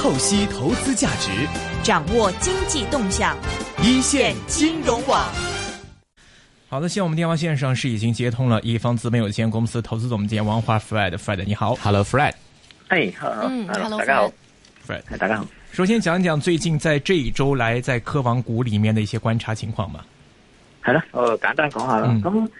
透析投資價值，掌握經濟動向，一線金融網。好的，現在我們電話線上是已經接通了一方資本有限公司投資總監王華 （Fred）。Fred，你好，Hello，Fred。哎，好，嗯，Hello，大家好，Fred，大家好。首先講一講最近在這一周來在科網股裏面的一些觀察情況吧。係咯，呃，簡單講下啦，咁、嗯。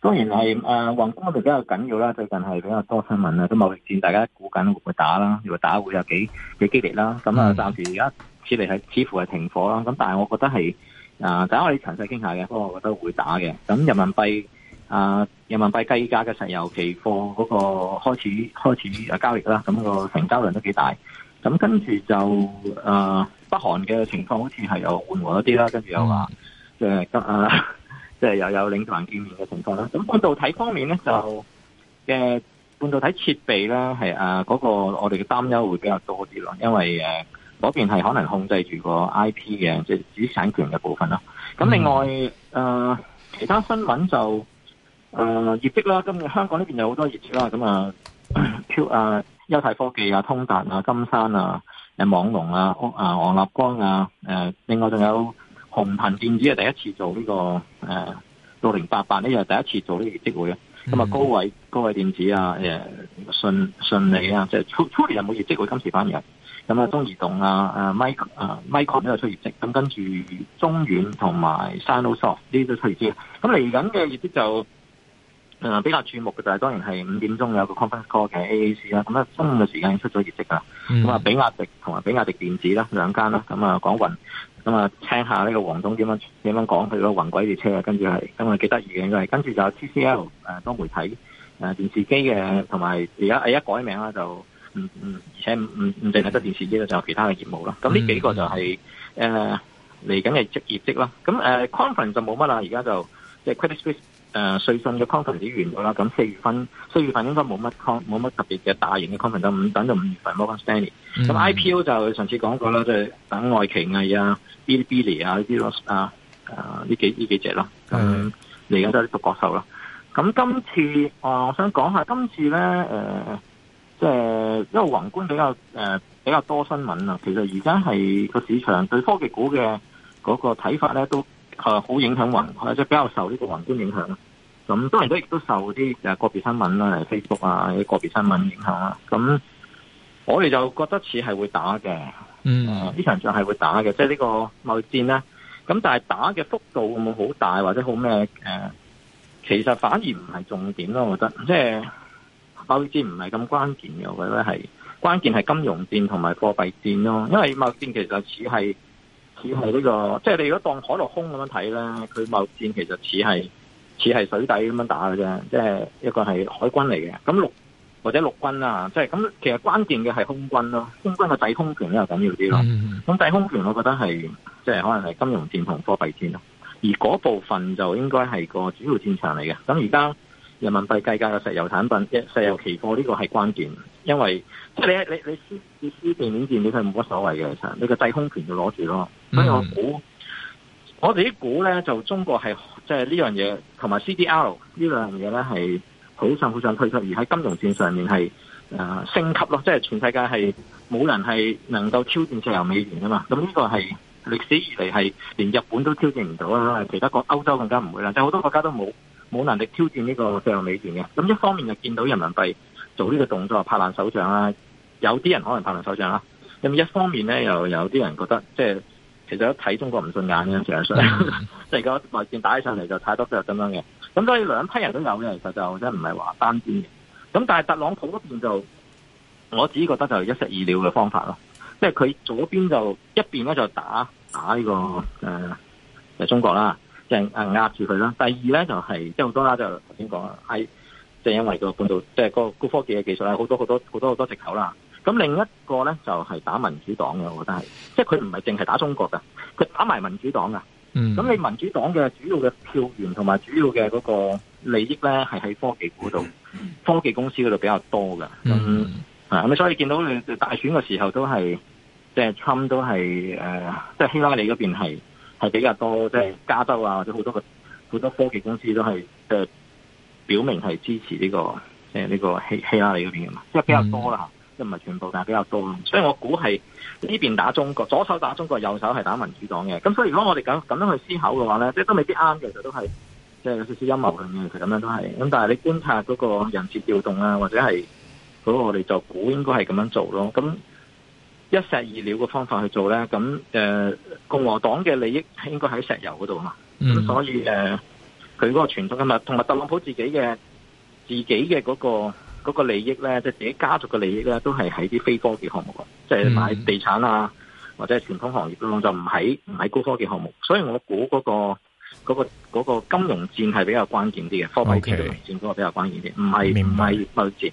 當然係誒，宏觀就比較緊要啦。最近係比較多新聞啦，都貿易戰，大家估緊會唔會打啦？如果打會有幾幾激烈啦？咁啊，暫時而家似嚟係似乎係停火啦。咁但係我覺得係啊，等我哋詳細傾下嘅，不過我覺得會打嘅。咁人民幣啊、呃，人民幣計價嘅石油期貨嗰個開始開始啊交易啦。咁、個成交量都幾大。咁跟住就誒、呃，北韓嘅情況好似係有緩和一啲啦。跟住又話誒，今啊。就呃即係又有領導人見面嘅情況啦。咁半導體方面咧，就嘅半導體設備啦，係啊嗰、嗰個我哋嘅擔憂會比較多啲咯。因為誒嗰邊係可能控制住個 I P 嘅，即係知識產權嘅部分啦。咁另外誒、啊、其他新聞就誒、啊、業績啦。今日香港呢邊有好多業績啦。咁啊，Q 啊優泰科技啊、通達啊、金山啊、誒、啊、網龍啊、啊王立光啊，誒、啊、另外仲有。鴻騰電子係第一次做呢、這個誒六零八八呢又係第一次做呢個業績會啊。咁啊、mm，hmm. 高位高位電子啊，誒順順利啊，即、就、係、是、初初年又冇業績會，今時翻入咁啊，中移動啊 mic 啊 micron、啊啊 so、都出業績，咁跟住中遠同埋 SinoSoft 呢都出業績。咁嚟緊嘅業績就。誒、嗯、比較注目嘅就係當然係五點鐘有個 conference call 嘅 A A C 啦、嗯，咁啊，中午嘅時間已經出咗業績啦。咁啊、mm，hmm. 比亞迪同埋比亞迪電子啦，兩間啦，咁、嗯、啊講雲，咁、嗯、啊聽下呢個黃總點樣點樣講佢個雲鬼列車啊，跟住係咁啊，幾得意嘅應該係。跟住就有 T C L 誒、呃、多媒體誒、呃、電視機嘅，同埋而家而家改名啦就嗯嗯，而且唔唔淨係得電視機啦，就有其他嘅業務啦。咁、嗯、呢、mm hmm. 嗯、幾個就係誒嚟緊嘅業業績啦。咁、嗯、誒、呃、conference 就冇乜啦，而家就即係、就是誒，瑞、呃、信嘅 conference 已已完咗啦。咁四月份，四月份應該冇乜 con，冇乜特別嘅大型嘅 conference 五等到五月份 Morgan Stanley。咁、嗯、St IPO 就上次講過啦，即、就、係、是、等愛奇藝啊、bilibili 啊呢啊啊呢幾呢幾隻咯。嗯，嚟緊都係啲獨角獸啦。咁今次啊、呃，我想講一下今次咧，誒、呃，即、就、係、是、因為宏觀比較、呃、比較多新聞啊。其實而家係個市場對科技股嘅嗰個睇法咧都。誒，好、嗯啊、影響宏觀，即係比較受呢個宏觀影響。咁當然都亦都受啲誒個別新聞啦，Facebook 啊啲個別新聞影響啦。咁、啊、我哋就覺得似係會打嘅，嗯、啊，呢場仗係會打嘅，即係呢個貿易戰咧。咁但係打嘅幅度會唔會好大，或者好咩？誒、啊，其實反而唔係重點咯，我覺得，即係貿易戰唔係咁關鍵嘅，我覺得係關鍵係金融戰同埋貨幣戰咯。因為貿易戰其實似係。似係呢個，即係你如果當海陸空咁樣睇咧，佢貿易戰其實似係似係水底咁樣打嘅啫，即係一個係海軍嚟嘅，咁陸或者陸軍啦、啊，即係咁其實關鍵嘅係空軍咯，空軍嘅制空權咧又緊要啲咯，咁制、嗯嗯嗯、空權我覺得係即係可能係金融戰同貨幣戰咯，而嗰部分就應該係個主要戰場嚟嘅，咁而家。人民幣計價嘅石油產品、石油期貨呢個係關鍵，因為即係你你你試試避免跌，你係冇乜所謂嘅。你個制空權就攞住咯，所以我估我哋啲估咧就中國係即係呢樣嘢，同埋 C D L 呢兩樣嘢咧係好想好想推出。而喺金融戰上面係誒升級咯，即係全世界係冇人係能夠挑戰石油美元啊嘛。咁呢個係歷史以嚟係連日本都挑戰唔到啦，其他國歐洲更加唔會啦。但好多國家都冇。冇能力挑戰呢個最後美元嘅，咁一方面就見到人民幣做呢個動作拍爛手掌啦。有啲人可能拍爛手掌啦。咁一方面咧，又有啲人覺得即係其實一睇中國唔順眼嘅，其相，上即係個內戰打起上嚟就踩多腳咁樣嘅。咁所以兩批人都有嘅，其實就真唔係話單邊嘅。咁但係特朗普嗰邊就，我自己覺得就一石二鳥嘅方法咯，即係佢左邊就一邊咧就打打呢、呢個、呃就是、中國啦。即係壓住佢啦。第二咧就係即係好多啦，就頭先講係即係、就係、因為、嗰個半導即係個高科技嘅技術啦，好多好多好多好多藉口啦。咁另一個咧就係、係、打民主黨嘅，我覺得係即係佢唔係淨係打中國嘅，佢打埋民主黨嘅。咁你民主黨嘅主要嘅票源同埋主要嘅嗰個利益咧，係喺科技股度，嗯、科技公司嗰度比較多嘅。嗯。係咁、嗯，所以見到你大選嘅時候都係即係侵都係誒，即係希拉里嗰邊係。係比較多，即、就、係、是、加州啊，或者好多好多科技公司都係，即、呃、係表明係支持呢、這個，即、呃、呢、這個希希拉里嗰邊嘛，即、就、係、是、比較多啦，嗯、即唔係全部，但係比較多了。所以我估係呢邊打中國，左手打中國，右手係打民主黨嘅。咁所以如果我哋咁咁樣去思考嘅話咧，即係都未必啱嘅，其實都係即係有少少陰謀論嘅，其實咁樣都係。咁但係你觀察嗰個人事調動啊，或者係嗰、那個、我哋就估應該係咁樣做咯，咁。一石二鳥嘅方法去做咧，咁誒、呃，共和黨嘅利益應該喺石油嗰度啊，咁、嗯、所以誒，佢嗰個傳統啊嘛，同埋特朗普自己嘅自己嘅嗰、嗰個、嗰個利益咧，即係自己家族嘅利益咧，都係喺啲非科技項目，即係買地產啊或者係傳統行業咯，就唔喺唔喺高科技項目，所以我估嗰、嗰個、嗰個、嗰個嗰個金融戰係比較關鍵啲嘅，okay，科技金融戰嗰個比較關鍵啲，唔係唔係貿易戰。白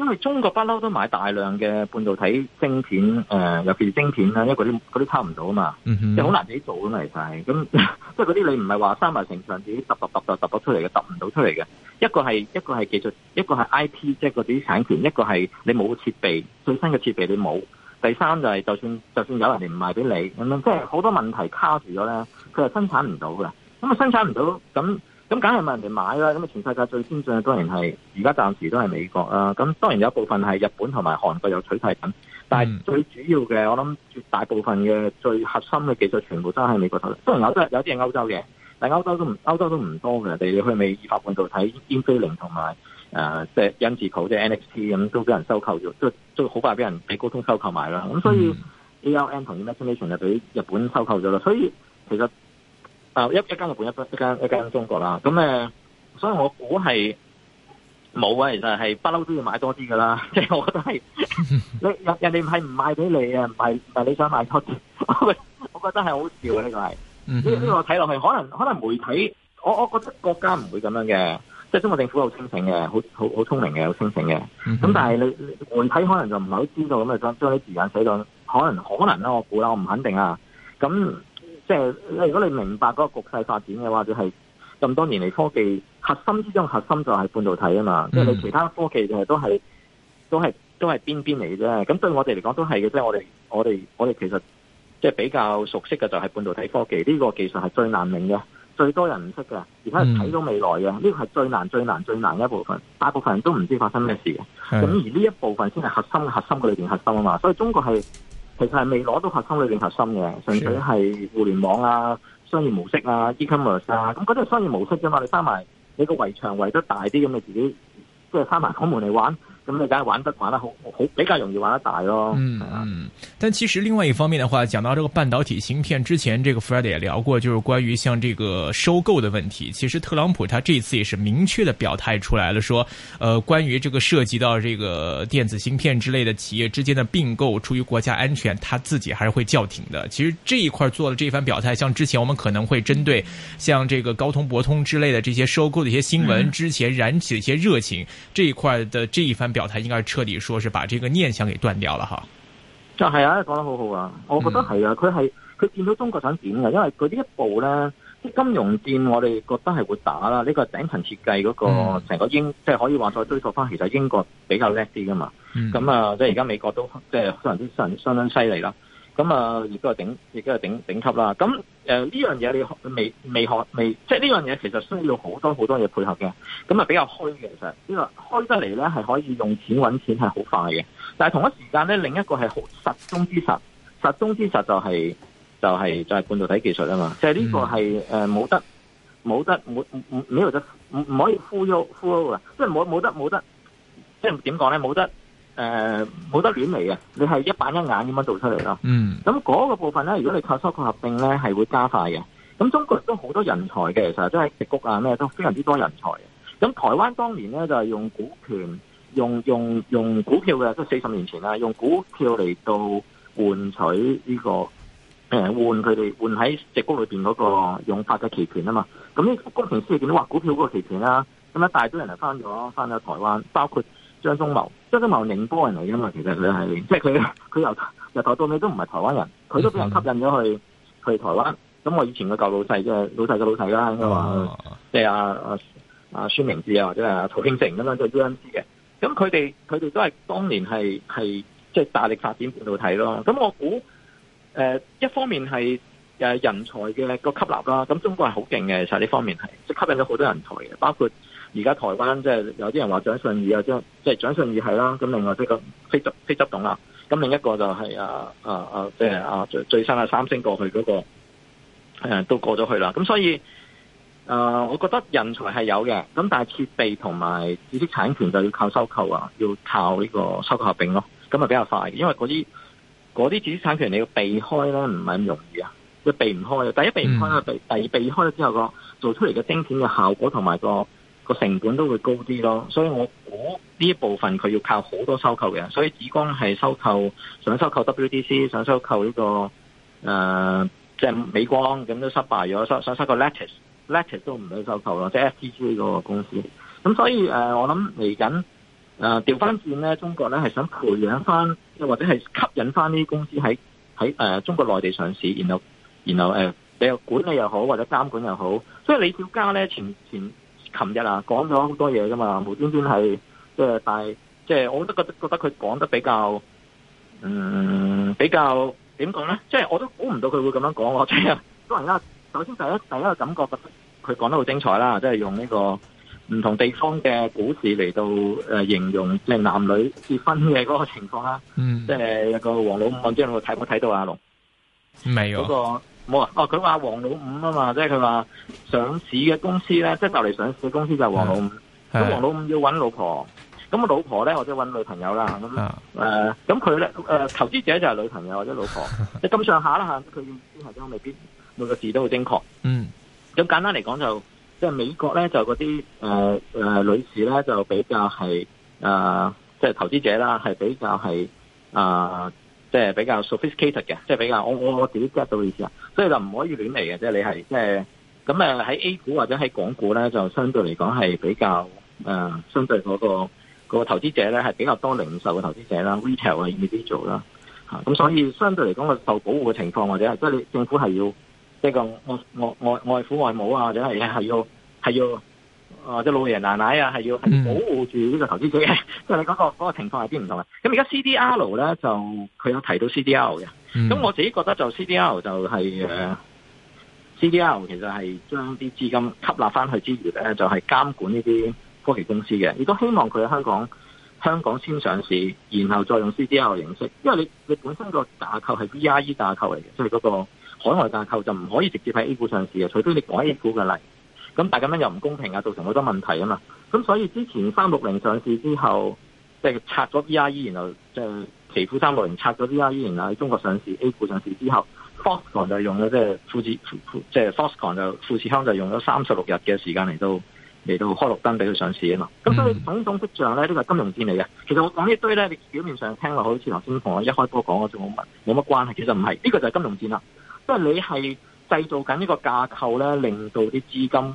因為中國不嬲都買大量嘅半導體晶片，誒、呃，尤其是晶片啦，因為嗰啲嗰啲抄唔到啊嘛，即好、嗯、哼難自己做咁嚟係，咁即係嗰啲你唔係話收埋成場自己揼揼揼揼揼到出嚟嘅，揼唔到出嚟嘅，一個係一個係技術，一個係 I P，即係嗰啲產權，一個係你冇設備，最新嘅設備你冇，第三就係就算就算有人哋唔賣俾你咁樣，即係好多問題卡住咗咧，佢又生產唔到嘅，咁啊生產唔到咁。咁梗係問人哋買啦，咁啊全世界最先進嘅當然係而家暫時都係美國啦。咁當然有一部分係日本同埋韓國有取替緊，但係最主要嘅我諗絕大部分嘅最核心嘅技術全部都喺美國度。當然有有啲係歐洲嘅，但係歐洲都唔歐洲都唔多嘅。你去美未法判度睇英飛凌同埋誒即係恩智浦即係 NXP 咁都俾人收購咗，都都好快俾人俾高通收購埋啦。咁所以 ARM 同 Intel 就俾日本收購咗啦。所以其實。啊一一間日本一間一間中國啦，咁誒，所以我估係冇啊，其實係不嬲都要多買多啲噶啦，即係我覺得係 你人人哋唔係唔賣俾你啊，唔係唔係你想買多啲，我覺得我覺得係好笑嘅呢個係，呢呢個睇落去可能可能媒體，我我覺得國家唔會咁樣嘅，即係中國政府好清醒嘅，好好好聰明嘅，好清醒嘅，咁但係你媒體可能就唔係好知道咁啊將將啲時間寫到，可能可能啦我估啦，我唔肯定啊，咁。即係如果你明白嗰個局勢發展嘅話，就係咁多年嚟科技核心之中，核心就係半導體啊嘛。即係你其他科技就都係都係都係邊邊嚟啫。咁對我哋嚟講都係嘅。即係我哋我哋我哋其實即係比較熟悉嘅就係半導體科技。呢個技術係最難明嘅，最多人唔識嘅，而家係睇到未來嘅。呢個係最難、最難、最難一部分。大部分人都唔知發生咩事嘅。咁是的 而呢一部分先係核心、核心嘅裏面核心啊嘛。所以中國係。其實係未攞到核心裏面核心嘅，純粹係互聯網啊、商業模式啊、e-commerce 啊，咁嗰啲係商業模式啫嘛。你返埋你個圍牆圍得大啲，咁你自己即係返埋開門嚟玩。咁你梗係玩得玩得好好，比較容易玩得大咯。嗯嗯。但其實另外一方面的話，講到這個半導體芯片之前，這個 Fred 也聊過，就是關於像這個收購的問題。其實特朗普他這一次也是明確的表態出來了，說，呃，關於這個涉及到這個電子芯片之類的企業之間的併購，出於國家安全，他自己還是會叫停的。其實這一塊做了這一番表態，像之前我們可能會針對像這個高通、博通之類的這些收購的一些新聞，嗯、之前燃起的一些熱情，這一塊的這一番表。表態應該徹底，說是把這個念想給斷掉了哈。就係啊，講得好好啊，我覺得係啊，佢係佢見到中國想點嘅，因為佢呢一步呢，啲金融戰我哋覺得係會打啦。呢、這個頂層設計嗰、那個成個英，即係、嗯、可以話再追溯翻，其實英國比較叻啲㗎嘛。咁啊，即係而家美國都即係可能都相相，相當犀利啦。咁啊，亦、嗯、都係頂，亦都係頂頂級啦。咁誒呢樣嘢你學未未學未？即係呢樣嘢其實需要好多好多嘢配合嘅。咁啊比較虛嘅，其實呢個開得嚟咧係可以用錢揾錢係好快嘅。但係同一時間咧，另一個係好實中之實，實中之實就係、係、就係、係、就係半導體技術啊嘛。即係呢個係誒冇得冇得冇冇冇得唔唔可以忽悠忽悠噶，即係冇冇得冇得，即係點講咧冇得。誒，冇、呃、得亂嚟嘅，你係一板一眼咁樣做出嚟咯。嗯，咁嗰個部分咧，如果你靠收購合併咧，係會加快嘅。咁中國人都好多人才嘅，其實都喺直谷啊咩都非常之多人才嘅。咁台灣當年咧就係、是、用股權、用用用股票嘅，即係四十年前啦，用股票嚟到、就是、換取呢、這個誒、呃、換佢哋換喺直谷裏邊嗰個用法嘅期權、權啊嘛。咁呢個工程師見到話股票嗰個期權啦，咁樣帶咗人嚟翻咗翻咗台灣，包括。張忠謀，張忠謀寧波人嚟嘅嘛，其實佢係即係佢，佢由由頭到尾都唔係台灣人，佢都俾人吸引咗去去台灣。咁我以前嘅舊老細嘅老細嘅老細啦，即係阿阿阿孫明智啊，或者係阿陶慶成咁、就是、樣，都係 U N 嘅。咁佢哋佢哋都係當年係係即係大力發展半導體咯。咁我估、呃、一方面係人才嘅個吸納啦。咁中國係好勁嘅，其實呢方面係即係吸引咗好多人才嘅，包括。而家台灣即係、就是、有啲人話蔣信義啊，即、就、係、是蔣，就是、蔣信義係啦。咁另外即個非執非執董啊，咁另一個就係啊啊啊，即係啊最、就是啊、最新啊三星過去嗰、那個、啊、都過咗去啦。咁所以誒、啊，我覺得人才係有嘅，咁但係設備同埋知識產權就要靠收購啊，要靠呢個收購合併咯。咁啊比較快，因為嗰啲啲知識產權你要避開咧，唔係咁容易啊，要避唔開嘅。第一避唔開啊，避第二避開咗之後個做出嚟嘅晶片嘅效果同埋個。個成本都會高啲咯，所以我估呢一部分佢要靠好多收購嘅，所以紫光係收購想收購 WDC 想收購呢、這個誒即係美光咁都失敗咗，想想收購 Lattice，Lattice 都唔去收購咯，即、就、係、是、FTG 嗰個公司。咁所以誒、呃，我諗嚟緊誒調翻轉咧，中國咧係想培養翻，或者係吸引翻呢啲公司喺喺誒中國內地上市，然後然後誒，你、呃、又管理又好或者監管又好。所以李小加咧前前。琴日啊，講咗好多嘢噶嘛，無端端係即係但係，即係我都覺得覺得佢講得比較，嗯，比較點講咧？即係我都估唔到佢會咁樣講喎。即係都係而家，首先第一第一個感覺覺得佢講得好精彩啦，即係用呢個唔同地方嘅股市嚟到誒形容，即係男女結婚嘅嗰個情況啦。嗯，即係一個王老五，我知我睇冇睇到阿龍，沒有。冇啊！哦，佢話黃老五啊嘛，即係佢話上市嘅公司咧，即係就嚟上市嘅公司就係黃老五。咁黃老五要揾老婆，咁個老婆咧或者揾女朋友啦。咁誒，咁佢咧誒，投資者就係女朋友或者老婆。即係咁上下啦嚇，佢要邊行都未必每個字都好正確。嗯，咁簡單嚟講就，即係美國咧就嗰啲誒誒女士咧就比較係誒，即係投資者啦，係比較係誒。即係比較 sophisticated 嘅，即係比較我，我我我自己 get 到意思啊，所以就唔可以亂嚟嘅，即係你係即係咁誒喺 A 股或者喺港股咧，就相對嚟講係比較誒、呃，相對嗰、嗰個嗰個投資者咧係比較多零售嘅投資者啦，retail 啊 individual 啦嚇，咁所以相對嚟講個受保護嘅情況或者即係你政府係要即係個外外外外父外母啊，或者係係要係要。哦，即係老爺奶奶啊，係要保護住呢個投資者嘅，即係你嗰個嗰個情況係啲唔同啦。咁而家 C D R 咧就佢有提到 C D R 嘅，咁、嗯、我自己覺得就 C D R 就係誒 C D R 其實係將啲資金吸納翻去之餘咧，就係、是、監管呢啲科技公司嘅。亦都希望佢喺香港香港先上市，然後再用 C D R 形式，因為你你本身個架構係 V I E 架構嚟嘅，所以嗰個海外架構就唔可以直接喺 A 股上市嘅，除非你改 A 股嘅例。咁大家又唔公平啊，造成好多問題啊嘛。咁所以之前三六零上市之後，即係拆咗 VIE，然後即係奇虎三六零拆咗 VIE，然後喺中國上市 A 股上市之後、mm hmm.，Foxconn 就用咗即係富士，即、就是、Foxconn 就富士康就，是、就用咗三十六日嘅時間嚟到嚟到開綠燈俾佢上市啊嘛。咁所以種種跡象咧，都係金融戰嚟嘅。其實我講呢堆咧，你表面上聽落好似頭先同我一開波講嗰種冇乜冇乜關係，其實唔係，呢、這個就係金融戰啦。不過你係製造緊呢個架構咧，令到啲資金。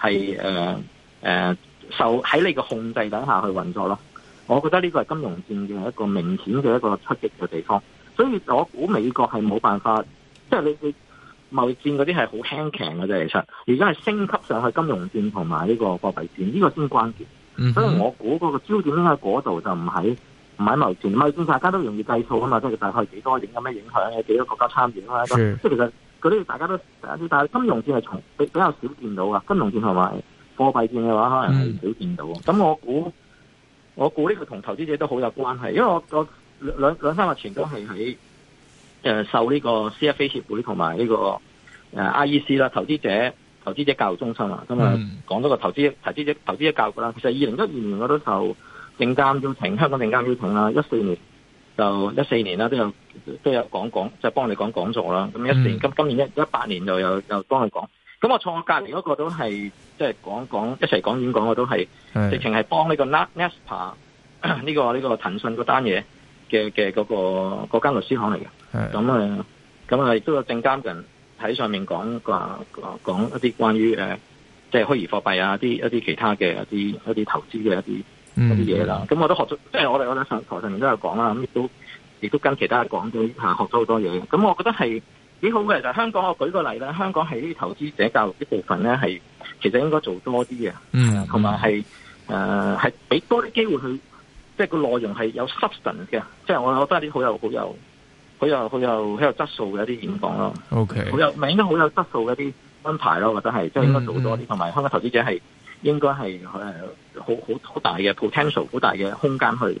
係誒誒，受喺你嘅控制底下，去運作咯。我覺得呢個係金融戰嘅一個明顯嘅一個出擊嘅地方。所以我估美國係冇辦法，即係你你貿易戰嗰啲係好輕強嘅啫。其實而家係升級上去金融戰同埋呢個貨幣戰，呢、呢個先關鍵。Mm hmm. 所以我估嗰個焦點應該喺嗰度，就唔喺唔喺貿易戰。貿易戰大家都容易計數啊嘛，即、就、係、是、大概幾多影響咩影響有幾多國家參與啦。即係其實。嗰啲大家都，但係金融戰係從比比較少見到啊，金融戰同埋貨幣戰嘅話，可能係少見到的。咁、嗯、我估，我估呢個同投資者都好有關係，因為我我兩兩三日前都係喺，誒、呃，受呢個 CFA 協會同埋呢個誒 IEC 啦，投資者投資者教育中心啊，咁啊講咗個投資投資者投資嘅教育啦。其實二零一二年我都受證監邀請，香港證監邀請啦，一四年。就一四年啦，都有都有講講，即係，幫你講講座啦。咁一四年，今、嗯、今年一一八年就又又幫佢講。咁我坐我隔離嗰個都係即係講講一齊講演講嘅都係是直情係幫呢個 Naspa 呢，這個呢，這個騰訊嗰單嘢嘅嘅嗰個嗰間，那個那個，律師行嚟嘅。咁啊咁啊亦都有證監人喺上面講講講一啲關於誒、即係、即係、虛擬貨幣啊，啲一啲其他嘅一啲一啲投資嘅一啲。嗰啲嘢啦，咁、嗯、我都學咗，即係我哋我哋上台上面都有講啦，咁亦都亦都跟其他人講者行學咗好多嘢。咁我覺得係幾好嘅就係香港，我舉個例啦，香港係啲投資者教育啲部分咧，係其實應該做多啲嘅，嗯，同埋係誒係俾多啲機會去，即係個內容係有 substance 嘅，即係我覺得係啲好有好有好有好有好有質素嘅一啲演講咯。OK，好有名都好有質素嘅一啲安排咯，我覺得係即係應該做多啲，同埋、嗯、香港投資者係。應該係誒，好好好大嘅 potential，好大嘅空間去。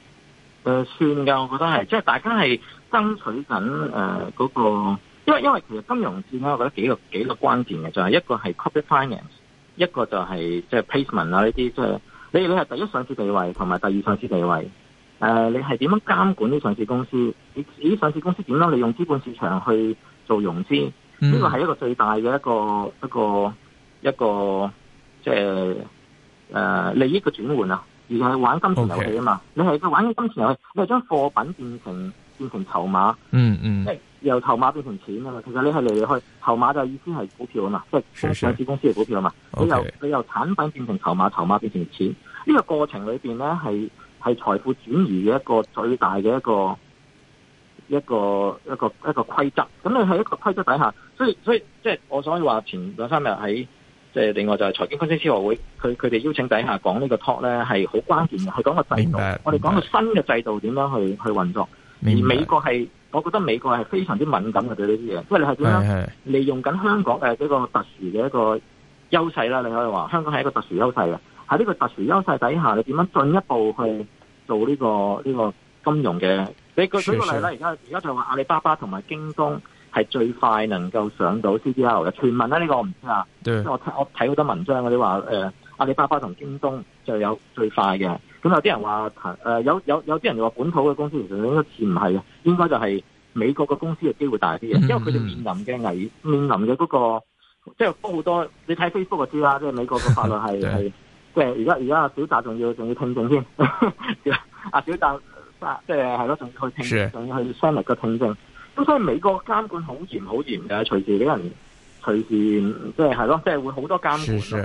誒，算噶，我覺得係，即係大家係爭取緊誒嗰個，因為因為其實金融戰咧，我覺得幾個幾個關鍵嘅就係、是、一個係 public finance，一個就係即係 payment 啊呢啲，即、就、係、是、你你係第一上市地位同埋第二上市地位，誒、呃，你係點樣監管啲上市公司？你你啲上市公司點樣利用資本市場去做融資？呢個係一個最大嘅一個一個一個，一個即係誒、呃、利益嘅轉換啊！而係玩金錢遊戲啊嘛，Okay. 你係玩緊金錢遊戲，你係將貨品變成變成籌碼，嗯嗯，即、嗯、係由籌碼變成錢啊嘛。其實你係嚟嚟去籌碼就意思係股票啊嘛，即係上市公司嘅股票啊嘛 okay. 你。你由你由產品變成籌碼，籌碼變成錢。呢、這個過程裏面咧係係財富轉移嘅一個最大嘅一個一個一個一個規則。咁你喺一個規則底下，所以所以即係、就是、我想話前兩三日喺。即係另外就係財經分析師協會，佢佢哋邀請底下講呢個 talk 咧係好關鍵嘅，係講個制度，白我哋講個新嘅制度點樣去去運作。白而美國係，我覺得美國係非常之敏感嘅，對呢啲嘢，因為你係點樣利用緊香港嘅呢個特殊嘅一個優勢啦。你可以話香港係一個特殊優勢嘅，喺呢個特殊優勢底下，你點樣進一步去做呢個呢個金融嘅？你舉舉個例啦，而家而家就話阿里巴巴同埋京東。係最快能夠上到 C D R 嘅，傳聞啊，呢、呢個我唔知啊對。我睇我睇好多文章嗰啲話誒，阿里巴巴同京東就有最快嘅。咁有啲人話誒、呃，有有有啲人又話本土嘅公司其實應該似唔係嘅，應該就係美國嘅公司嘅機會大啲嘅，因為佢哋面臨嘅危，嗯、面臨嘅嗰個即係好多。你睇 Facebook 就知啦，即係美國嘅法律係係對即係而家而家小澤仲要仲要聽證先。阿 小澤、啊、即係係咯，仲要去聽，仲的要去商量嘅聽證。咁所以美國監管好嚴好嚴嘅，隨時俾人隨時即係係咯，即係會好多監管。所以、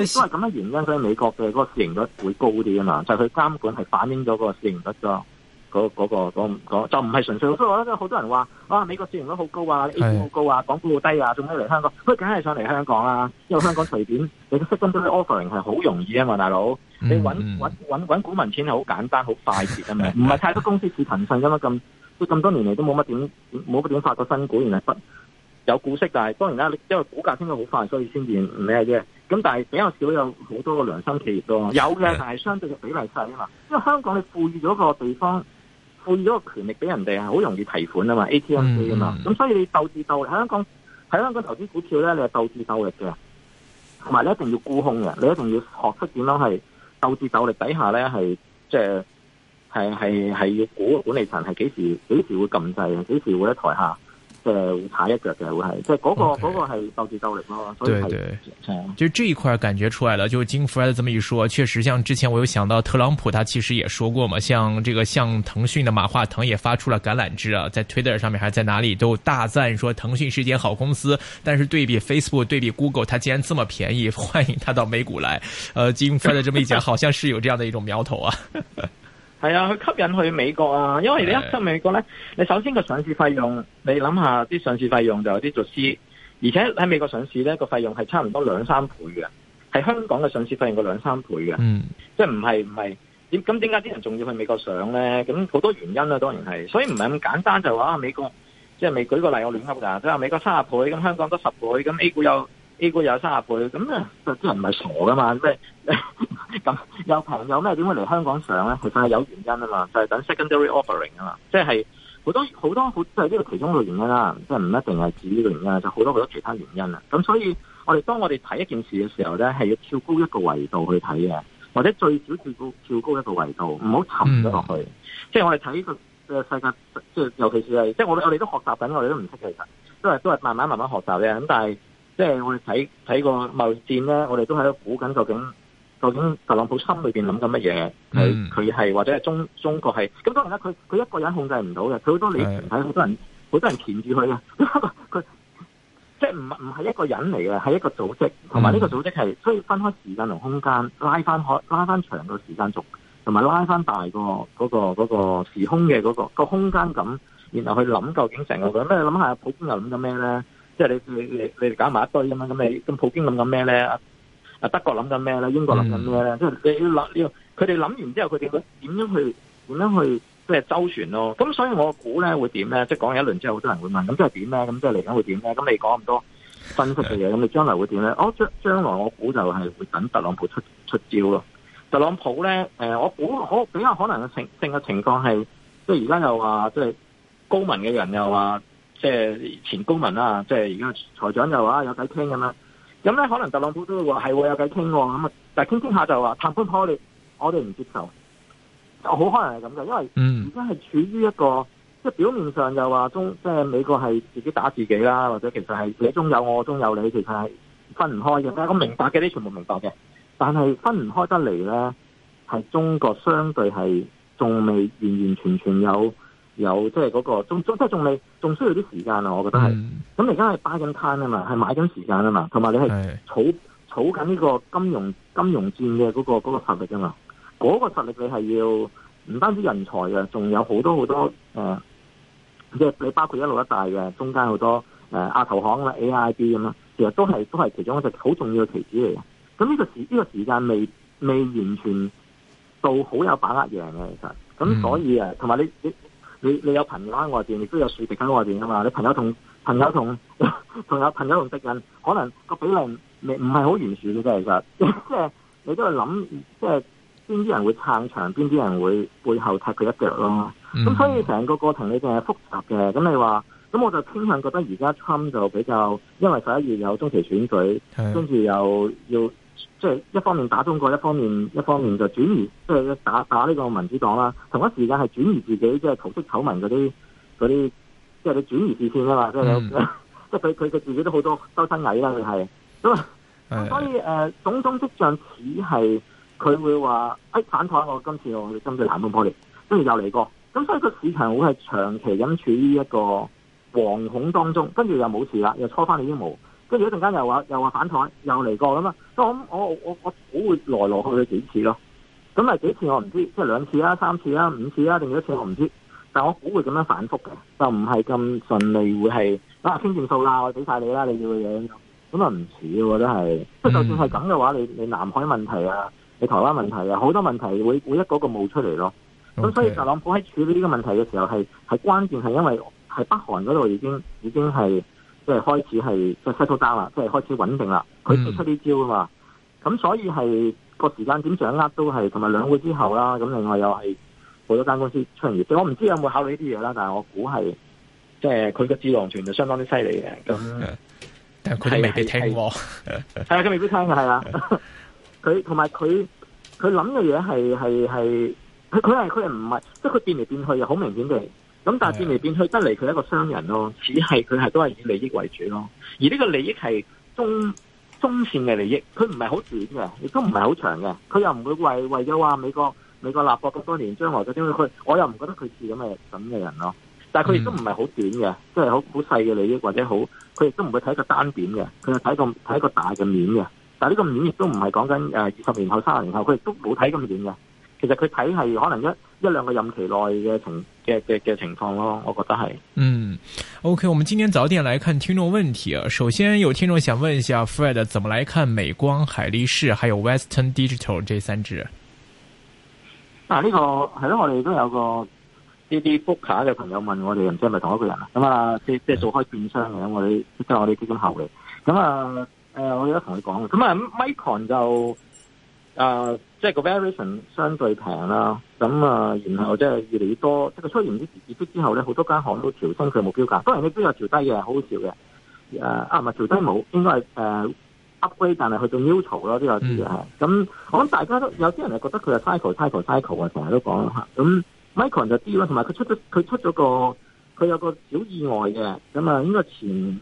就是、都係咁嘅原因，所以美國嘅嗰個市盈率會高啲啊嘛，就係、是、佢監管係反映咗個市盈率咯。嗰嗰個嗰嗰就唔係純粹。所以我覺得好多人話啊，美國市盈率好高啊是，A 股好高啊，港股好低啊，仲嚟香港？佢梗係想嚟香港啦、啊，因為香港隨便 你都十分多啲 offering，係好容易啊嘛，大佬。你揾揾揾揾股民錢係好簡單好快捷啊嘛，唔係太多公司似騰訊咁嘛。咁。都咁多年嚟都冇乜點冇乜點發過新股，原來不有股息。但係當然啦，因為股價升得好快，所以先至唔理啊啫。咁但係比較少有好多個良心企業咯，有嘅的，的但係相對嘅比例細啊嘛。因為香港你賦予咗個地方，賦予咗個權力俾人哋，係好容易提款啊嘛，ATM 機啊嘛。咁、嗯嗯、所以你鬥智鬥力，喺香港喺香港投資股票咧，你係鬥智鬥力嘅，同埋你一定要沽空嘅，你一定要學出點樣係鬥智鬥力底下咧係即係。係係係要估管理層係幾時幾時會撳掣，幾時會喺台下誒、呃、踩一腳嘅，會係即係嗰個 Okay. 個係鬥智鬥力咯。所以對，對對，就這一塊感覺出來了。就金 Fred 這麼一說，確實像之前我又想到特朗普，他其實也說過嘛，像這個像騰訊的馬化騰也發出了橄欖枝啊，在 Twitter 上面還在哪裏都大讚說騰訊是一間好公司，但是對比 Facebook 對比 Google，它竟然這麼便宜，歡迎他到美股來。呃，金 Fred 這麼一講，好像是有這樣的一種苗頭啊。 係啊，去吸引去美國啊，因為你一出美國咧，你首先個上市費用，你諗下啲上市費用就有啲律師，而且喺美國上市呢個個費用係差唔多兩三倍嘅，係香港嘅上市費用個兩三倍嘅，嗯即，即係唔係唔係點咁點解啲人仲要去美國上咧？咁好多原因啦、啊，當然係，所以唔係咁簡單就話、是、美國，即係未舉個例我亂噏噶，即係美國三十倍，咁香港得十倍，咁 A 股又。A 股有三十倍，咁啊，啲人唔係傻噶嘛，即係咁有朋友咩點會嚟香港上咧？佢係有原因啊嘛，就係、是、等 secondary offering 啊嘛，即係好多好多好，即係呢個其中一個原因啦，即係唔一定係指呢個原因，就好、是、多好多其他原因啦。咁所以我哋當我哋睇一件事嘅時候咧，係要跳高一個維度去睇嘅，或者最少跳高跳高一個維度，唔好沉咗落去。嗯、即係我哋睇呢個世界，即係尤其是係，即係我哋我哋都學習緊，我哋都唔識其實，都係都係慢慢慢慢學習嘅。咁但係。即係我哋睇睇個貿易戰咧，我哋都喺度估緊究竟究竟特朗普心裏邊諗緊乜嘢？佢佢係或者係中中國係咁當然啦，佢佢一個人控制唔到嘅，佢好多你睇好多人好多人鉗住佢啊！佢即係唔唔係一個人嚟嘅，係一個組織，同埋呢個組織係需要分開時間同空間，拉翻開拉翻長個時間軸，同埋拉翻大個嗰、嗰個嗰、嗰個時空嘅嗰、嗰個、嗰個空間，咁然後去諗究竟成個咁你諗下普京又諗緊咩咧？即係你你你哋搞埋一堆咁樣，咁你咁普京諗緊咩咧？啊德國諗緊咩咧？英國諗緊咩咧？嗯、即係你，你要諗要佢哋諗完之後，佢哋會點樣去點樣去即係周旋咯。咁所以我估咧會點咧？即係講完一輪之後，好多人會問咁即係點咧？咁即係嚟緊會點咧？咁你講咁多分析嘅嘢，咁你將來會點咧？哦，將將來我估就係會等特朗普出出，出招咯。特朗普咧，誒我估可、呃、比較可能嘅情整個情況係即係而家又話即係高民嘅人又話。即係前公民啦，即係而家財長又話有偈傾咁啦，咁咧可能特朗普都會話係會，有偈傾咁啊，但係傾傾下就話談判破裂，我哋唔接受，好可能係咁嘅。因為而家係處於一個即係表面上又話中，即係美國係自己打自己啦，或者其實係你中有我，我中有你，其實係分唔開嘅。但係我明白嘅，啲全部明白嘅，但係分唔開得嚟咧，係中國相對係仲未完完全全有有即係嗰個中中即係仲未仲需要啲時間啊！我覺得係，咁、嗯、你而家係 buy 緊 time 啊嘛，係買緊時間啊嘛，同埋你係儲是儲緊呢個金融金融戰嘅嗰、那個嗰、那個、實力啊嘛，嗰、那個實力你係要唔單止人才嘅，仲有好多好多誒，即、呃、係你包括一路一帶嘅中間好多誒亞、呃、投行啦、AIB 咁啊，其實都係都係其中一個好重要嘅棋子嚟嘅。咁呢、這個時呢、這個時間未未完全到好有把握贏嘅，其實咁所以啊，同埋你你。你你你有朋友喺外邊，亦都有樹敵喺外邊噶嘛？你朋友同朋友同同有朋友同敵人，可能個比例未唔係好懸殊嘅，啫。其實，即係你都係諗，即係邊啲人會撐場，邊啲人會背後踢佢一腳咯。咁、哦嗯、所以成個過程你淨係複雜嘅。咁你話，咁我就偏向覺得而家侵就比較，因為十一月有中期選舉，跟住的又要。即係一方面打中國，一方面一方面就轉移，即、就、係、是、打打呢個民主黨啦、啊。同一時間係轉移自己，即係投出醜聞嗰啲嗰啲，即係你轉移視線啊嘛。即係即係佢佢佢自己都好多收身矮啦。佢係咁，所以誒 種種跡象似係佢會話誒、哎、反台我今次我哋針對南風玻璃，跟住又嚟過。咁所以個市場會係長期咁處於一個惶恐當中，跟住又冇事啦，又吹翻你啲毛。跟住一陣間又話又話反台，又嚟過咁啊！即我我我我估會來來去去幾次咯。咁啊幾次我唔知，即係兩次啊、三次啊、五次啊，定幾多次我唔知。但係我估會咁樣反覆嘅，就唔係咁順利，會係啊傾掂數啦，我俾晒你啦，你要嘅嘢咁。就唔似喎，都係即係就算係咁嘅話，你你南海問題啊，你台灣問題啊，好多問題會會一個一個冒出嚟咯。咁 Okay. 所以特朗普喺處理呢個問題嘅時候，係喺關鍵係因為喺北韓嗰度已經已經即係開始係即係 settle down 啦，即係開始穩定啦。佢做、嗯、出啲招啊嘛，咁所以係個時間點掌握都係同埋兩會之後啦。咁另外又係好多間公司出現，我唔知有冇考慮呢啲嘢啦。但係我估係即係佢嘅智囊團就相當之犀利嘅咁。但係佢都未必聽喎。係啊，佢 未必聽嘅係啊。佢同埋佢佢諗嘅嘢係係係佢佢係佢唔係即係佢變嚟變去又好明顯嘅。咁、嗯、但係變嚟變去得嚟佢係一個商人咯，只係佢係都係以利益為主咯。而呢個利益係中中線嘅利益，佢唔係好短嘅，亦都唔係好長嘅。佢又唔會為為咗話美國美國立國咁多年，將來嘅中區，我又唔覺得佢似咁嘅咁嘅人咯。但係佢亦都唔係好短嘅，即係好好細嘅利益，或者好，佢亦都唔會睇個單點嘅，佢係睇個睇個大嘅面嘅。但係呢個面亦都唔係講緊誒二十年後、三十年後，佢亦都冇睇咁遠嘅。其實佢睇，係可能一一兩個任期內嘅情嘅嘅嘅情況咯，我覺得係。嗯，OK，我們今天早點來看聽眾問題啊。首先有聽眾想問一下 Fred，怎麼來看美光、海力士還有 Western Digital 這三隻？啊，呢、這個係咯，我哋都有個呢啲 book 卡、er、嘅朋友問我哋，唔知係咪同一個人、嗯、啊？咁啊，即係即係做開電商嘅，我哋即係我哋基金後嚟。咁、嗯、啊，誒、呃，我而家同佢講，咁、嗯、啊，Micron 就誒。呃即係個 variation 相對平啦，咁啊，然後即係越嚟越多，即係佢出現啲折逼之後咧，好多間行都調升佢目標價。當然佢都有調低嘅，好少嘅，啊唔係調低冇，應該係 upgrade，但係去到 neutral 咯，都有少少。咁我諗大家都有啲人係覺得佢係 cycle，cycle，cycle cycle，啊，成日都講。咁 Michael 就知啦，同埋佢出咗佢出咗個佢有個小意外嘅，咁啊應該前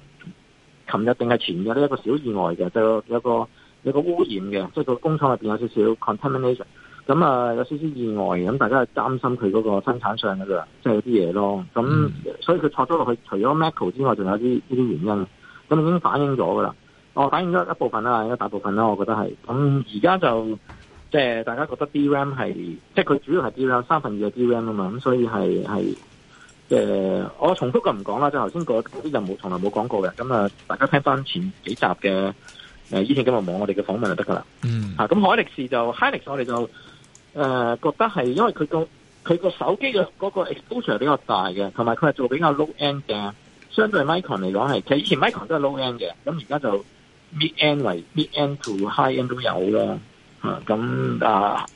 琴日定係前日咧一個小意外嘅，就有個。有個污染嘅，即係個工廠入面有少少 contamination，咁啊有少少意外，咁大家係擔心佢嗰個生產上嘅啦，即係啲嘢咯。咁、嗯、所以佢錯咗落去，除咗 macro 之外，仲有啲呢啲原因。咁已經反映咗噶啦，我、哦、反映咗一部分啦，應該大部分啦，我覺得係。咁而家就即係、就是、大家覺得 DRAM 係，即係佢主要係 DRAM，三分二係 DRAM 啊嘛，咁所以係係、呃、我重複就唔講啦，就頭先嗰啲就冇從來冇講過嘅。咁啊，大家聽翻前幾集嘅。誒，以前今日網我哋嘅訪問就得㗎喇。嗯，吓咁、啊、海力士就，海力士我哋就誒、呃、覺得係因為佢個佢個手機嘅嗰個 exposure 比較大嘅，同埋佢係做比較 low end 嘅，相對 micron 嚟講係，其實以前 micron 都係 low end 嘅，咁而家就 mid end 為 mid end to high end 都有咯。吓咁啊誒、啊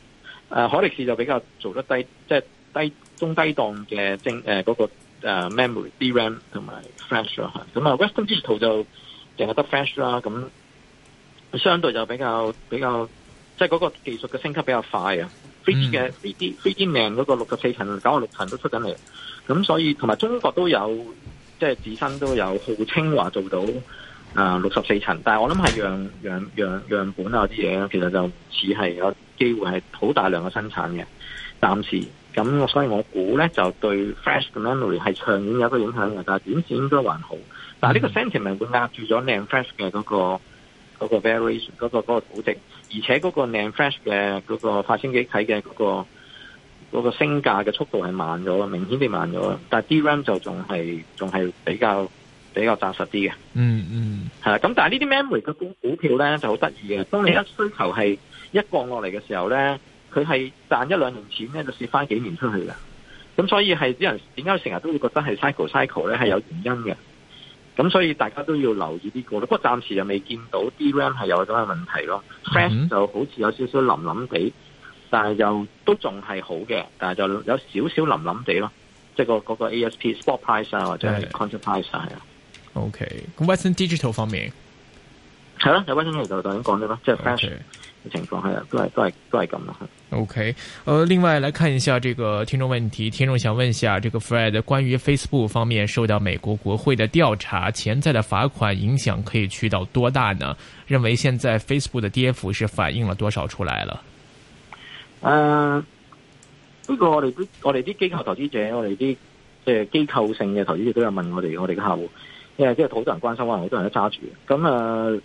啊啊，海力士就比較做得低，即、就、係、是、低中低檔嘅正誒嗰、呃那個誒、啊、memory DRAM 同埋 flash 咯、啊、吓。咁 West 啊，Western Digital 就淨係得 flash 啦咁。那相對就比較比較，即係嗰個技術嘅升級比較快啊。飛機嘅飛機飛機，NAND 嗰個六十四層、九十六層都出緊嚟，咁所以同埋中國都有，即係自身都有號稱話做到啊六十四層，但係我諗係樣樣樣樣本啊啲嘢其實就似係有機會係好大量嘅生產嘅。暫時咁，所以我估咧就對 fresh 嘅 memory 係長遠有一個影響嘅，但係短期應該還好。但係呢個 sentiment 會壓住咗 NAND fresh 嘅嗰個。嗰個 variation，嗰個嗰個估值，而且嗰個 NAND flash 嘅嗰個發晶機體嘅嗰個升價嘅速度係慢咗，明顯地慢咗。但係 DRAM 就仲係仲係比較比較紮實啲嘅。嗯嗯，mm，係啦。咁但係呢啲 memory 嘅股票咧就好得意嘅。當你一需求係一降落嚟嘅時候咧，佢係賺一兩年錢咧就蝕翻幾年出去㗎。咁所以係啲人點解成日都會覺得係 cycle cycle 咧係有原因嘅。咁、嗯、所以大家都要留意呢、呢個咯，不過暫時又未見到 DRAM 係有咁嘅問題咯。Flash、嗯、就好似有少少腍腍地，但係又都仲係好嘅，但係就有少少腍腍地咯，即係個個 ASP spot price 啊或者係 contract price 啊。OK，咁 Western Digital 方面係啦，有 Watson 生就頭先講咗啦，即係 Flash 情況係啊，都係都係都係咁啦。OK，呃，另外來看一下這個聽眾問題，聽眾想問下這個 Fred，關於 Facebook 方面受到美國國會的調查，潛在的罰款影響可以去到多大呢？認為現在 Facebook 的跌幅是反映了多少出來了？誒、呃，不過，這個我哋我哋啲機構投資者，我哋啲即係機構性嘅投資者都有問我哋我哋嘅客戶，因為即係好多人關心，好多人都揸住，咁、嗯、啊、呃，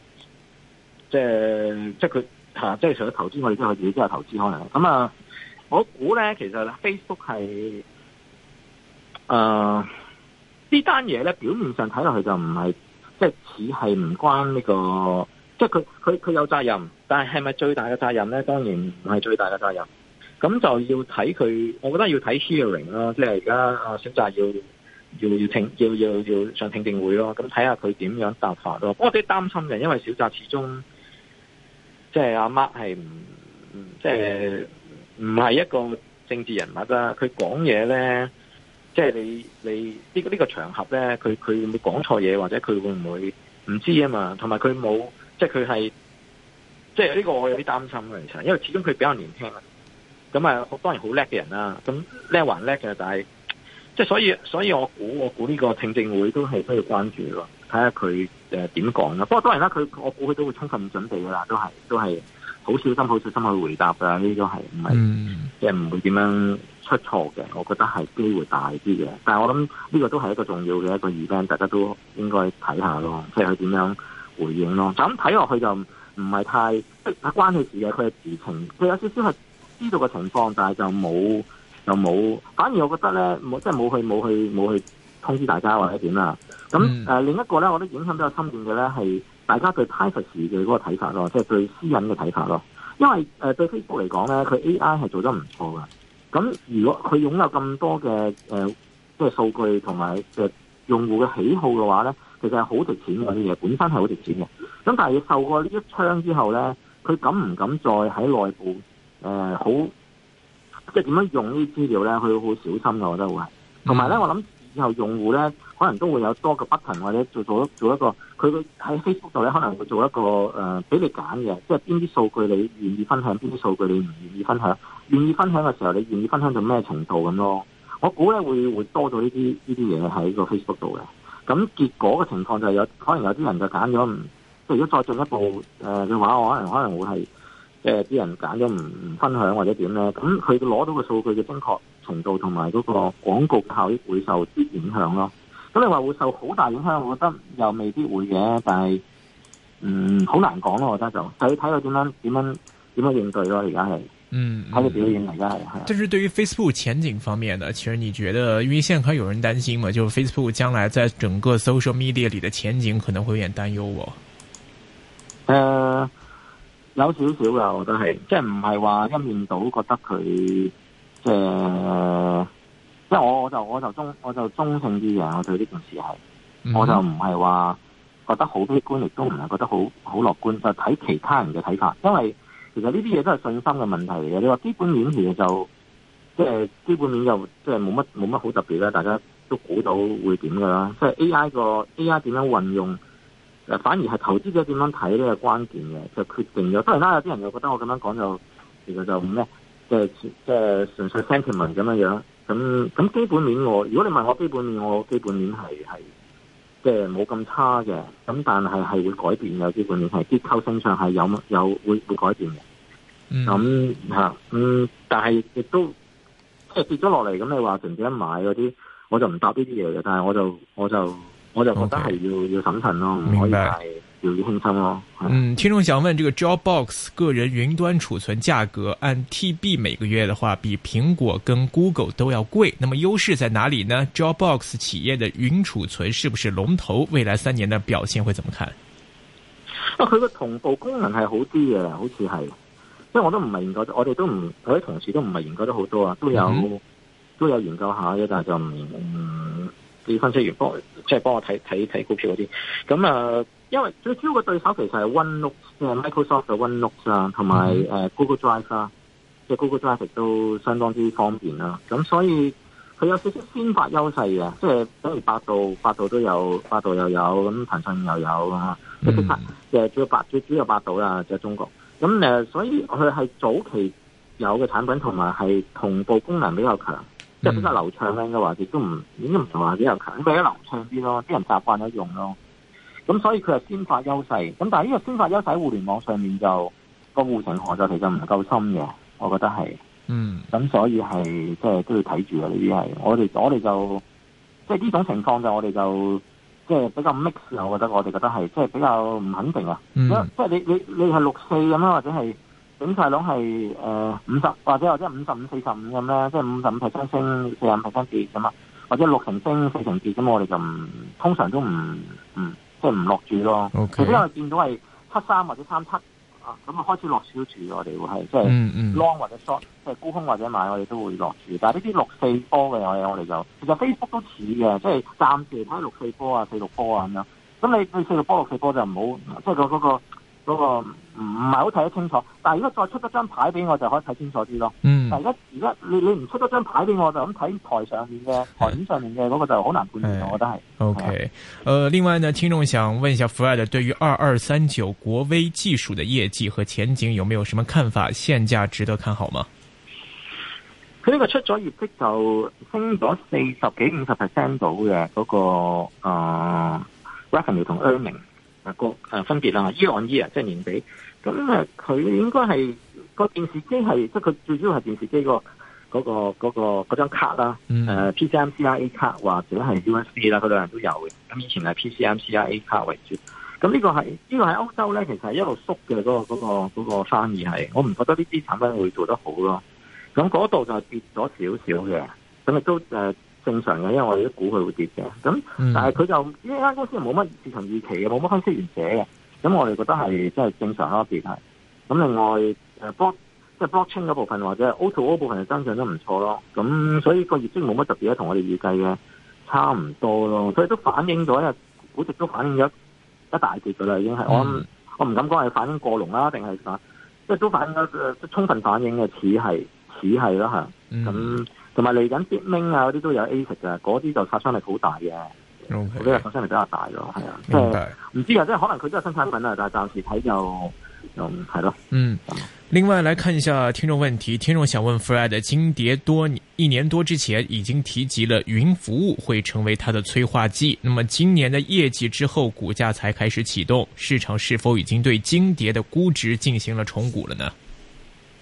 即係即係佢。吓、啊，即係除咗投資，我哋都係自己都有投資可能。咁啊，我估咧，其實 Facebook 係誒、呃、呢單嘢咧，表面上睇落去就唔係，即係似係唔關呢、呢個，即係佢佢佢有責任，但係係咪最大嘅責任咧？當然唔係最大嘅責任。咁就要睇佢，我覺得要睇 hearing 囉。即係而家啊小澤要要要聽要要要上聽證會咯，咁睇下佢點樣答法咯。我啲擔心嘅，因為小澤始終。即係阿媽係唔即係唔係一個政治人物啦、啊，佢講嘢咧，即、就、係、是、你你呢、這個呢、這個場合咧，佢佢會唔會講錯嘢，或者佢會唔會唔知啊嘛？同埋佢冇即係佢係即係呢個我有啲擔心嘅其實，因為始終佢比較年輕啦，咁啊好當然好叻嘅人啦、啊，咁叻還叻嘅、啊，但係即係所以所以我估我估呢個聽證會都係需要關注咯，睇下佢。誒，點講咧？不過當然啦，佢我估佢都會充分準備噶啦，都係都係好小心、好小心去回答噶。呢個係唔係即係唔會點樣出錯嘅？我覺得係機會大啲嘅。但係我諗呢個都係一個重要嘅一個 event，大家都應該睇下咯，即係佢點樣回應咯。咁睇落去就唔係太即係關佢事嘅，佢嘅事情佢有少少係知道嘅情況，但係就冇就冇。反而我覺得咧，即係冇去冇去冇去，去通知大家或者點啦。咁誒、呃、另一個咧，我覺得影響比較深遠嘅咧，係大家對 privacy 嘅嗰個睇法咯，即、就、係、是、對私隱嘅睇法咯。因為誒、呃、對 Facebook 嚟講咧，佢 AI 係做得唔錯㗎。咁如果佢擁有咁多嘅誒即係數據同埋誒用戶嘅喜好嘅話咧，其實係好值錢嗰啲嘢，本身係好值錢嘅。咁但係受過呢一槍之後咧，佢敢唔敢再喺內部誒好、呃、即係點樣用呢啲資料咧？佢好小心嘅，我覺得會係。同埋咧，我諗以後用戶咧。可能都會有多個不同，或者做做做一個佢嘅喺 Facebook 度咧，可能會做一個誒俾、呃、你揀嘅，即係邊啲數據你願意分享，邊啲數據你唔願意分享。願意分享嘅時候，你願意分享到咩程度咁咯？我估咧會會多到呢啲呢啲嘢喺個 Facebook 度嘅。咁結果嘅情況就係有可能有啲人就揀咗唔即係如果再進一步誒嘅、呃、話，我可能可能會係誒啲人揀咗唔分享或者點咧？咁佢攞到嘅數據嘅精確程度同埋嗰個廣告嘅效益會受啲影響咯。咁你話會受好大影響，我覺得又未必會嘅，但係，嗯，好難講咯。我覺得就睇睇佢點樣點樣點樣應對咯，而家係。嗯，睇佢表演。而家係。即、嗯、是，是對於 Facebook 前景方面的，其實你覺得，因為現在可有人擔心嘛，就是、Facebook 將來在整個 social media 裏嘅前景可能會有點擔憂。誒、呃，有少少噶，我覺得係，即係唔係話一面倒，覺得佢即、呃即係我我就我就中我就中性啲嘅，我對呢件事係，我就唔係話覺得好悲觀，亦都唔係覺得好好樂觀。就睇其他人嘅睇法，因為其實呢啲嘢都係信心嘅問題嚟嘅。你話基本面其實就即係基本面又就即係冇乜冇乜好特別啦，大家都估到會點噶啦。即係 A I 個 A I 點樣運用，誒反而係投資者點樣睇呢個關鍵嘅，就決定咗。當然啦，有啲人又覺得我咁樣講就其實就咩，即係即係純粹 sentiment 咁樣樣。咁咁基本面我如果你問我基本面我基本面係係即係冇咁差嘅，咁但係係會改變嘅，基本面係結構通上係有有會會改變嘅。咁吓咁，但係亦都即係跌咗落嚟，咁你話成日買嗰啲，我就唔答呢啲嘢嘅。但係我就我就我就覺得係要 Okay. 要審慎咯，唔可以係。有離婚案咯。哦、嗯，聽眾想問：這個 Dropbox 個人雲端儲存價格按 TB 每個月的話，比蘋果跟 Google 都要貴。那麼優勢在哪裏呢？Dropbox 企業的雲儲存是不是龍頭？未來三年的表現會怎麼看？啊，佢個同步功能係好啲嘅，好似係，因為我都唔係研究，我哋都唔，我啲同事都唔係研究得好多啊，都有、嗯、都有研究一下，但係就唔，唔、嗯，要分析完幫，即係幫我睇睇睇股票嗰啲，咁啊。因為最主要嘅對手其實係 Windows，mm hmm. 即係 Microsoft 嘅 Windows 啊，同埋誒 Google Drive 啊，即係 Google Drive 亦都相當之方便啦。咁所以佢有少少先發優勢嘅，即係等於百度，百度都有，百度又有，咁騰訊又有啊。Mm hmm. 即係其實誒最主要百度啦，就係中國。咁誒，所以佢係早期有嘅產品，同埋係同步功能比較強，mm hmm. 即係比較流暢嘅話，亦都唔應該唔係話比較強，比較流暢啲咯，啲人習慣咗用咯。咁所以佢係先發優勢，咁但係呢個先發優勢喺互聯網上面就個護城河就其實唔夠深嘅，我覺得係，嗯，咁所以係即係都要睇住啊，呢啲係，我哋我哋就即係呢種情況就我哋就即係、就是、比較 mix 我覺得我哋覺得係即係比較唔肯定啊，即係、嗯就是、你你你係六四咁樣，或者係整晒囉，係誒五十或者或者五十五四十五咁咧，即係五十五 percent 升四十五 percent 跌噶嘛，或者六成升四成跌咁，我哋就唔通常都唔嗯。即係唔落住咯，除非 Okay. 我哋見到係七三或者三七啊，咁啊開始落少住，我哋會係即係 long 或者 short，即係沽空或者買，我哋都會落住。但係呢啲六四波嘅嘢，我哋就其實 Facebook 都似嘅，即係暫時睇六四波啊、四六波啊咁樣。咁你你四六波、六四波就唔好，即係佢嗰個。嗰個唔唔係好睇得清楚，但係如果再出多張牌俾我，就可以睇清楚啲咯。嗯，但係而家而家你你唔出多張牌俾我，就咁睇台上面嘅台面上面嘅嗰個就好難判斷，我覺得係。OK，誒，另外呢，聽眾想問一下 Fred，對於二二三九國威技術嘅業績和前景，有沒有什麼看法？現價值得看好嗎？佢呢個出咗業績就升咗四十幾五十 percent 到嘅嗰個誒、呃、Revenue 同 Earning。啊，個、呃、分別啦，year on year 即係年比，咁佢應該係個電視機係即係佢最主要係電視機、嗰個嗰、嗰個嗰個嗰張卡啦、嗯呃、PCMCIA 卡或者係 USB 啦，佢兩人都有嘅，咁以前係 PCMCIA 卡為主，咁呢個係呢、呢個喺歐洲呢，其實一路縮嘅嗰、嗰個嗰、嗰個嗰、嗰個生意係，我唔覺得呢啲產品會做得好咯，咁嗰度就跌咗少少嘅，咁亦都、呃正常嘅，因為我哋都估佢會跌嘅。咁，但係佢就呢間公司冇乜市場預期嘅，冇乜分析員寫嘅。咁我哋覺得係真係正常一個市態。咁另外，誒、啊、block 即係 block chain 嗰部分或者 auto 嗰部分嘅增長都唔錯咯。咁所以個業績冇乜特別，同我哋預計嘅差唔多咯。所以都反映咗，估值都反映咗一,一大截噶啦，已經係、嗯、我我唔敢講係反映過龍啦，定係即係都反映咗、呃、充分反映嘅似係似係啦嚇咁。同埋嚟緊 Bitcoin 啊嗰啲都有 A 市啊，嗰啲就殺傷力好大嘅。O K，嗰啲殺傷力比較大咯，係啊，唔白知啊，即係可能佢都係新產品啦，但係暫時睇就，嗯，係咯。嗯，另外來看一下聽眾問題，聽眾想問 Fred 金蝶多一年多之前已經提及了雲服務會成為它的催化劑，那麼今年的業績之後股價才開始啟動，市場是否已經對金蝶的估值進行了重估了呢？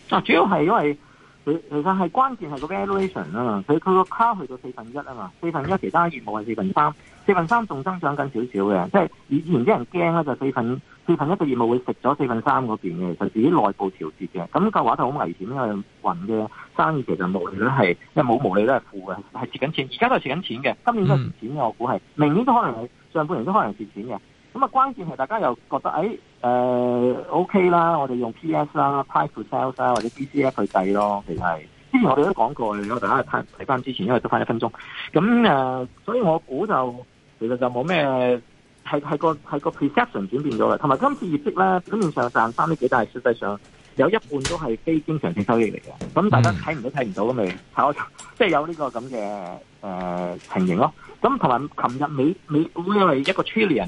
啊，主要係因為。佢其實係關鍵係個 valuation 啊，佢佢個卡去到四分一啊嘛，四分一其他業務係四分三，四分三仲增長緊少少嘅，即係以前啲人驚啦，就四分四分一嘅業務會食咗四分三嗰邊嘅，其實自己內部調節嘅，咁嘅話就好危險嘅，因為雲嘅生意其實無理都係，因為冇無，無理都係負嘅，係蝕緊錢，而家都係蝕緊錢嘅，今年都係蝕錢嘅，我估係明年都可能係上半年都可能蝕錢嘅。咁啊，關鍵係大家又覺得誒誒、哎呃、OK 啦，我哋用 P S 啦、Price to Sales 啊或者 B C F 去計咯，其實係之前我哋都講過，大家睇睇翻之前，因為得翻一分鐘。咁誒，所以我估就其實就冇咩係個係個 perception 轉變咗啦。同埋今次業績咧表面上賺三億幾，但係實際上有一半都係非經常性收益嚟嘅。咁大家睇唔到睇唔到咁咪睇我即係有呢、這個咁嘅誒情形咯。咁同埋琴日美美因為一個 trillion。